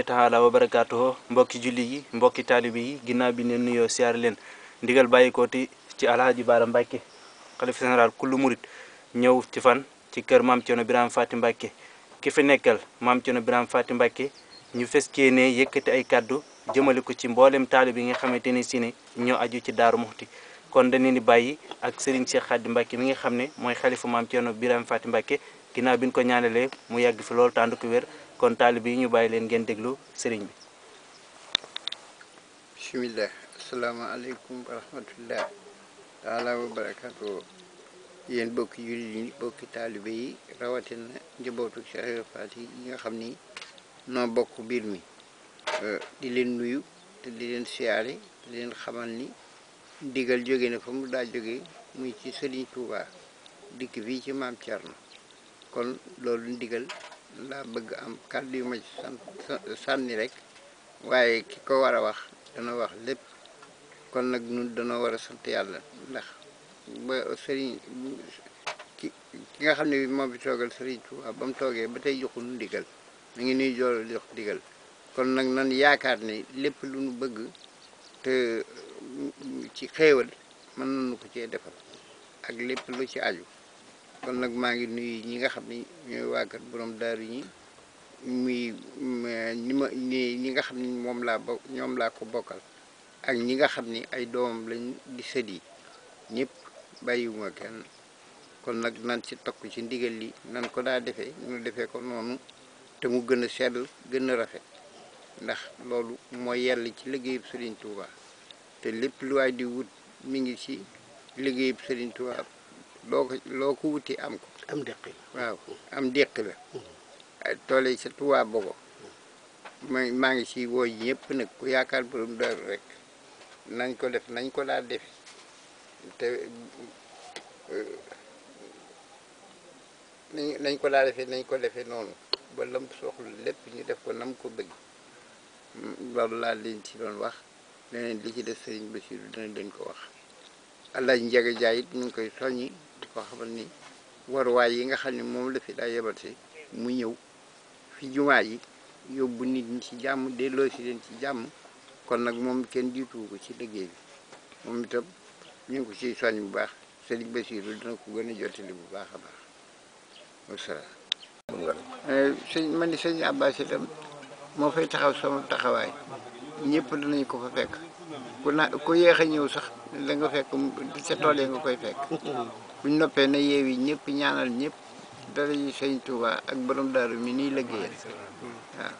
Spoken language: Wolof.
rahmatullahi taala wa barakaatuhu mbokki julli yi mbokki taalibi yi ginnaaw bi ne nuyoo siyaar leen ndigal bàyyikooti ci alhaji Baara Mbàkke xalifa général kullu murit ñëw ci fan ci kër maam Cerno Birahim Faty Mbàkke ki fi nekkal maam Cerno Birahim Faty ñu feskee ne yëkkati ay kàddu jëmale ko ci mboolem taalib yi nga xamante ni si ne ñoo aju ci Daaru Muxti kon dañu ni ak Serigne Cheikh Khady Mbacke mi nga xam ne mooy xalifa maam Cerno Birahim Faty Mbacke ginnaaw bi ñu ko ñaanalee mu yàgg fi loolu tànd ko kon taalib yi ñu bàyyi leen ngeen déglu sëriñ bi bismillah asalaamaaleykum wa rahmatullah taala wa barakaatu yéen bokki jullit yi bokki taalibe yi rawatina njabootu Cheikh Faty yi nga xam ni noo bokk mbir mi euh, di leen nuyu te di leen siyaare di leen xamal ni ndigal jóge na fa mu daa jóge muy ci Sëriñ Tuubaa dikk fii ci Maam Cerno kon loolu ndigal laa bëgg am kàddu yu ma ci sànni rek waaye ki ko war a wax dana wax lépp kon nag nu danoo war a sant yàlla ndax ba sëriñ ki ki nga xam ne bi moo fi toogal sëriñ ba mu toogee ba tey joxu nu ndigal mu ngi nuy joor jox ndigal kon nag nan yaakaar ni lépp lu nu bëgg te ci xéewal mën nañu ko cee defal ak lépp lu ci aju kon nag maa ngi nuyu ñi nga xam ni ñooy waa kër daaru ñi muy ñi eh, ma ñi nga xam ne moom laa bo ñoom laa ko bokkal ak ñi nga xam ni ay doomam lañ di sët yi ñëpp bàyyiwuma kenn kon nag nan ci takku ci ndigal li nan ko daa defee ñu defee ko noonu te mu gën a sell gën a rafet ndax loolu mooy yàlla ci liggéeyub Serigne Touba lépp lu waay ngi ci liggéeyub Serigne Touba loo ko wuti am ko. am dëkk waaw am dëkk la. Mm-hmm. tool yi surtout waa Bogo. maa ngi si woo ñëpp nekk ku yaakaar borom Daaru rek nañ ko def nañ ko daa def te eh, nañ ko daa defee nañ ko defee noonu ba lam soxla lépp ñu def ko nam ko bëgg mm, loolu laa leen ci doon wax leneen li ci def sëriñ Bassirou dina leen ko wax. a njaga jaay it ñu koy soññi koo xamal ni waruwaay yi nga xam ne moom la fi daa yebal si mu ñëw fi jumaa yi yóbbu nit ñi ci jàmm delloo si leen ci jàmm kon nag moom kenn jiituwu ko ci liggéey bi moom itam ñu ko ci soññ bu baax Sëriñ Basiiru dina ko gën a jottali bu baax a baax wasalaam eh, sëñ man ni sëñ Abbas itam moo fay taxaw sama taxawaay ñëpp danañ ko fa fekk ku na ku yéex a ñëw sax da nga fekk sa tool yi nga koy fekk buñ noppee na yeew yi ñëpp ñaanal ñëpp dara yi sëñ ak borom daaru mi niy liggéeyal waaw